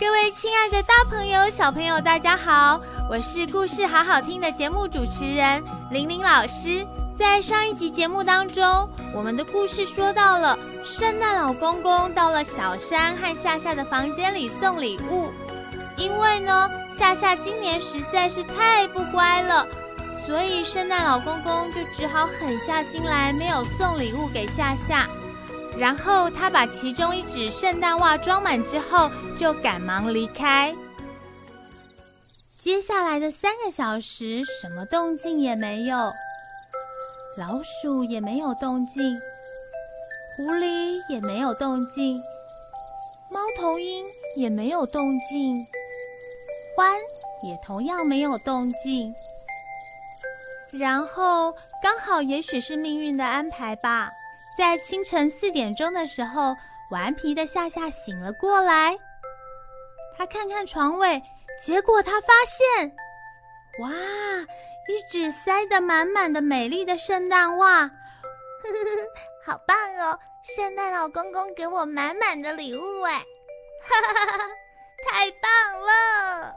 各位親愛的大朋友、小朋友，大家好！我是故事好好聽的節目主持人玲玲老師。在上一集節目當中，我們的故事說到了聖誕老公公到了小山和夏夏的房間裡送禮物，因為呢，夏夏今年實在是太不乖了，所以聖誕老公公就只好狠下心來，沒有送禮物給夏夏。然後他把其中一隻聖誕襪裝滿之後，就趕忙離開。接下來的三個小時，什麼動靜也沒有，老鼠也沒有動靜，狐狸也沒有動靜，貓頭鷹也沒有動靜，獾也同樣沒有動靜。然後，剛好也許是命運的安排吧。在清晨四點鐘的時候，頑皮的夏夏醒了過來。他看看床尾，結果他發現，哇，一隻塞得滿滿的美麗的聖誕襪，呵呵呵，好棒哦！聖誕老公公給我滿滿的禮物哎，哈哈哈哈，太棒了！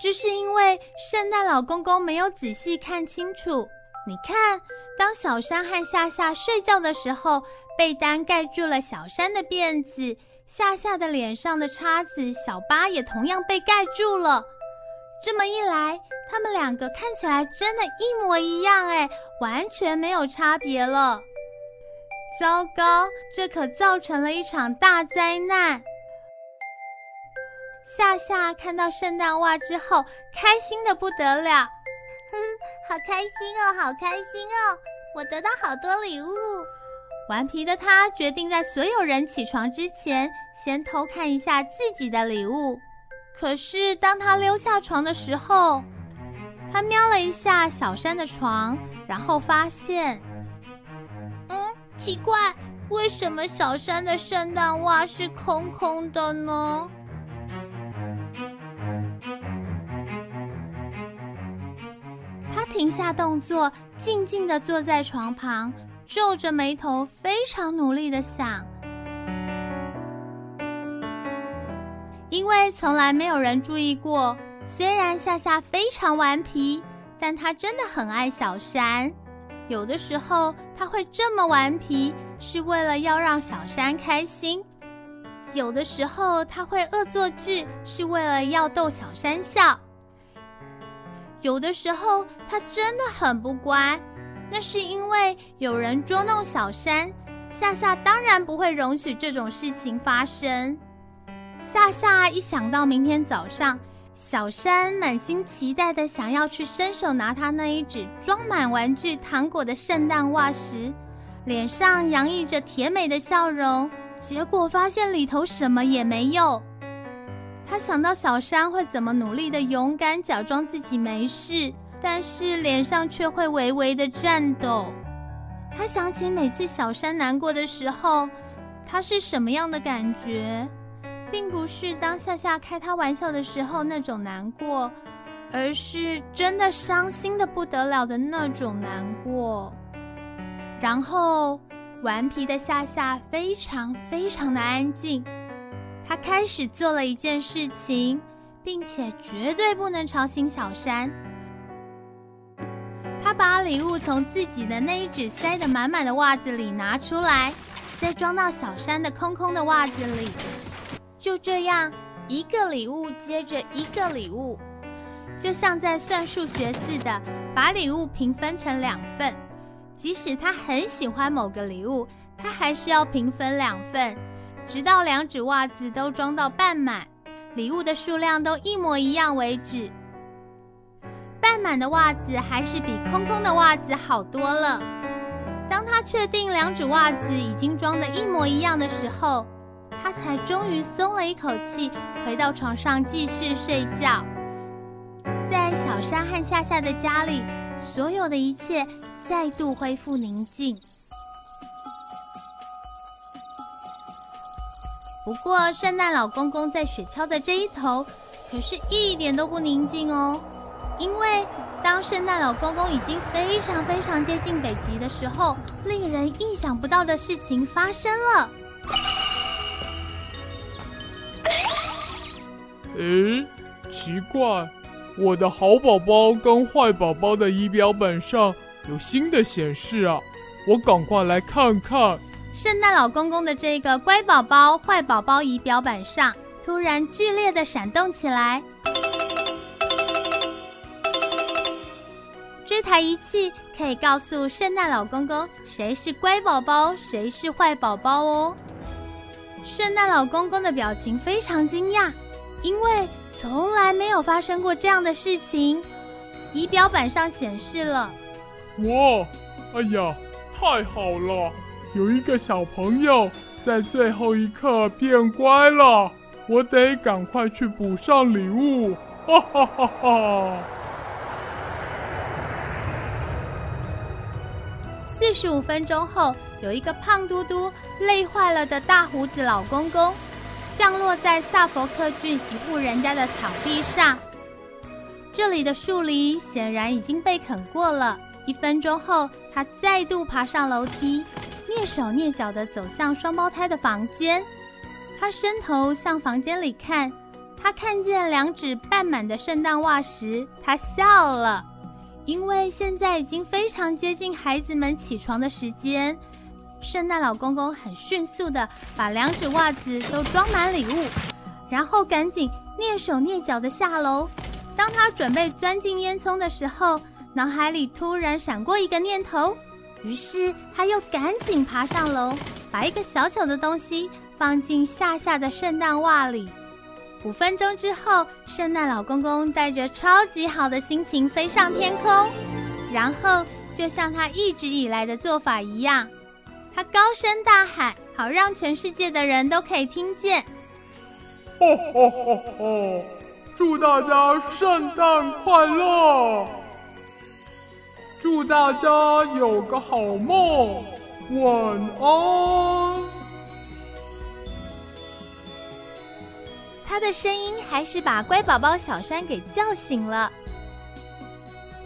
這是因為聖誕老公公沒有仔細看清楚，你看。當小姍和夏夏睡覺的時候，被單蓋住了小姍的辮子，夏夏的臉上的叉子小巴也同樣被蓋住了。這麼一來，他們兩個看起來真的一模一樣，哎，完全沒有差別了。糟糕，這可造成了一場大災難。夏夏看到聖誕襪之後，開心得不得了。嗯，好開心哦，好開心哦！我得到好多禮物。頑皮的他決定在所有人起床之前，先偷看一下自己的禮物。可是當他溜下床的時候，他瞄了一下小姍的床，然後發現，嗯，奇怪，為什麼小姍的聖誕襪是空空的呢？停下動作，靜靜的坐在床旁，皺着眉頭，非常努力的想。因為從來沒有人注意過，雖然夏夏非常頑皮，但她真的很愛小姍。有的時候，她會這麼頑皮，是為了要讓小姍開心；有的時候，她會惡作劇，是為了要逗小姍笑。有的時候，他真的很不乖，那是因為有人捉弄小姍。夏夏當然不會容許這種事情發生。夏夏一想到明天早上，小姍滿心期待的想要去伸手拿他那一隻裝滿玩具糖果的聖誕襪時，臉上洋溢着甜美的笑容，結果發現裡頭什麼也沒有。他想到小姍會怎麼努力的勇敢，假裝自己沒事，但是臉上卻會微微的顫抖。他想起每次小姍難過的時候，他是什麼樣的感覺，並不是當夏夏開他玩笑的時候那種難過，而是真的傷心的不得了的那種難過。然後，頑皮的夏夏非常非常的安靜。他開始做了一件事情，並且絕對不能吵醒小姍。他把禮物從自己的那一隻塞得滿滿的襪子裡拿出來，再裝到小姍的空空的襪子裡。就這樣，一個禮物接着一個禮物，就像在算數學似的，把禮物平分成兩份。即使他很喜歡某個禮物，他還是要平分兩份。直到兩隻襪子都裝到半滿，禮物的數量都一模一樣為止。半滿的襪子還是比空空的襪子好多了。當他確定兩隻襪子已經裝得一模一樣的時候，他才終於鬆了一口氣，回到床上繼續睡覺。在小姍和夏夏的家裡，所有的一切再度恢復寧靜。不過，聖誕老公公在雪橇的這一頭，可是一點都不寧靜哦。因為當聖誕老公公已經非常非常接近北極的時候，令人意想不到的事情發生了。誒，奇怪，我的好寶寶跟壞寶寶的儀表板上有新的顯示啊！我趕快來看看。聖誕老公公的這個乖寶寶壞寶寶儀表板上突然劇烈的閃動起來。這台儀器可以告訴聖誕老公公誰是乖寶寶，誰是壞寶寶哦。聖誕老公公的表情非常驚訝，因為從來沒有發生過這樣的事情。儀表板上顯示了。哇，哎呀，太好了！有一個小朋友在最後一刻變乖了，我得趕快去補上禮物。哈哈哈哈！四十五分鐘後，有一個胖嘟嘟、累壞了的大鬍子老公公降落在薩佛克郡一戶人家的草地上。這裡的樹林顯然已經被啃過了。一分鐘後，他再度爬上樓梯。躡手躡腳地走向雙胞胎的房間，他伸頭向房間裡看，他看見兩隻半滿的聖誕襪時，他笑了，因為現在已經非常接近孩子們起床的時間。聖誕老公公很迅速地把兩隻襪子都裝滿禮物，然後趕緊躡手躡腳地下樓。當他準備鑽進煙囪的時候，腦海裡突然閃過一個念頭。於是他又趕緊爬上樓，把一個小小的東西放進夏夏的聖誕襪裡。五分鐘之後，聖誕老公公帶着超級好的心情飛上天空，然後就像他一直以來的做法一樣，他高聲大喊，好讓全世界的人都可以聽見：哈哈哈哈！祝大家聖誕快樂！大家有個好夢，晚安。他的聲音還是把乖寶寶小姍給叫醒了。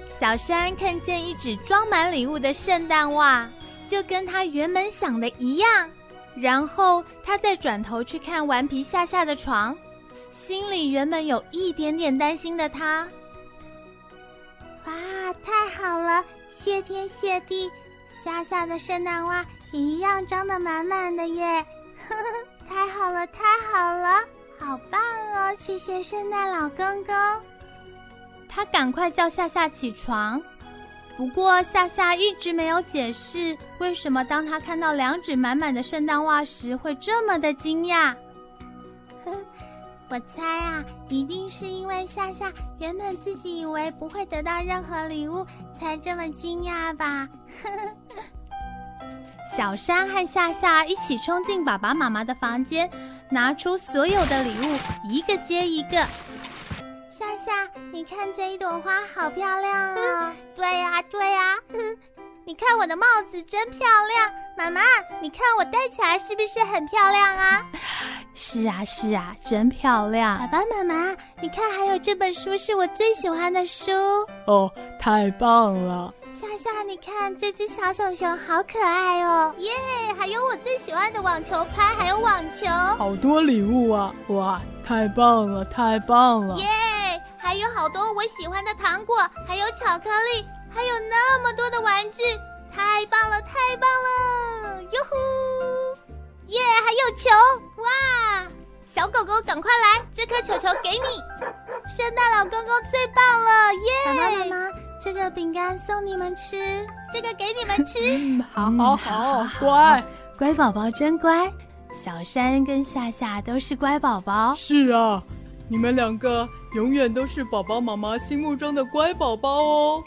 小姍看見一隻裝滿禮物的聖誕襪，就跟他原本想的一樣。然後他再轉頭去看頑皮夏夏的床，心裡原本有一點點擔心的他，哇，太好了！謝天謝地，夏夏的聖誕襪也一樣裝得滿滿的耶，呵呵，太好了，太好了，好棒哦！謝謝聖誕老公公。他趕快叫夏夏起床。不過夏夏一直沒有解釋，為什麼當他看到兩隻滿滿的聖誕襪時會這麼的驚訝。我猜啊，一定是因為夏夏原本自己以為不會得到任何禮物，才這麼驚訝吧？ 小姍和夏夏一起衝進爸爸媽媽的房間，拿出所有的禮物，一個接一個。夏夏，你看這一朵花好漂亮，哦， 啊！對呀，啊，對呀。你看我的帽子真漂亮，媽媽，你看我戴起來是不是很漂亮啊？是啊，是啊，真漂亮。爸爸媽媽，你看還有這本書是我最喜歡的書。哦，太棒了！夏夏，你看這隻小小熊好可愛哦。耶，還有我最喜歡的網球拍，還有網球。好多禮物啊！哇，太棒了，太棒了！耶，還有好多我喜歡的糖果，還有巧克力。還有那麼多的玩具，太棒了，太棒了，喲呼，耶！還有球，哇！小狗狗趕快來，這顆球球給你，聖誕老公公最棒了，耶！媽媽，媽媽，這個餅乾送你們吃，這個給你們吃，嗯， 好好好，乖乖寶寶真乖，小姍跟夏夏都是乖寶寶，是啊，你們兩個永遠都是寶寶媽媽心目中的乖寶寶哦。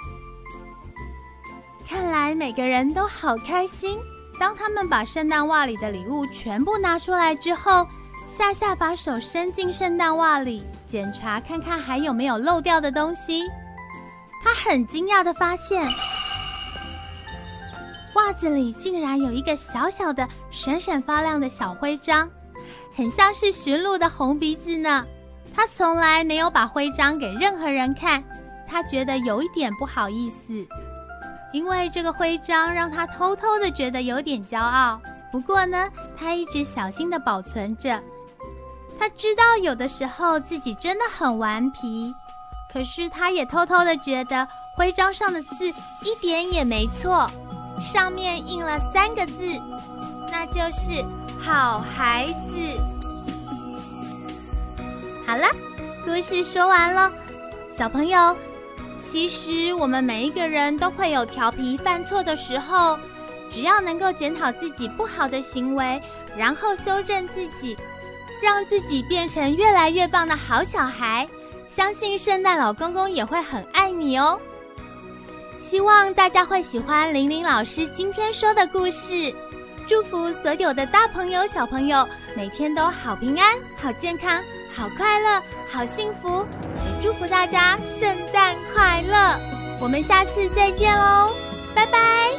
看來每個人都好開心。當他們把聖誕襪裡的禮物全部拿出來之後，夏夏把手伸進聖誕襪裡檢查，看看還有沒有漏掉的東西。他很驚訝地發現，襪子裡竟然有一個小小的、閃閃發亮的小徽章，很像是馴鹿的紅鼻子呢。他從來沒有把徽章給任何人看，他覺得有一點不好意思。因為這個徽章，讓他偷偷的覺得有點驕傲，不過呢，他一直小心的保存着。他知道有的時候自己真的很頑皮，可是他也偷偷的覺得徽章上的字一點也沒錯，上面印了三個字，那就是“好孩子”。好了，故事說完了，小朋友。其實我們每一個人都會有調皮犯錯的時候，只要能夠檢討自己不好的行為，然後修正自己，讓自己變成越來越棒的好小孩，相信聖誕老公公也會很愛你哦。希望大家會喜歡玲玲老師今天說的故事，祝福所有的大朋友、小朋友，每天都好平安、好健康、好快樂、好幸福。祝福大家聖誕快樂！我們下次再見嘍，拜拜。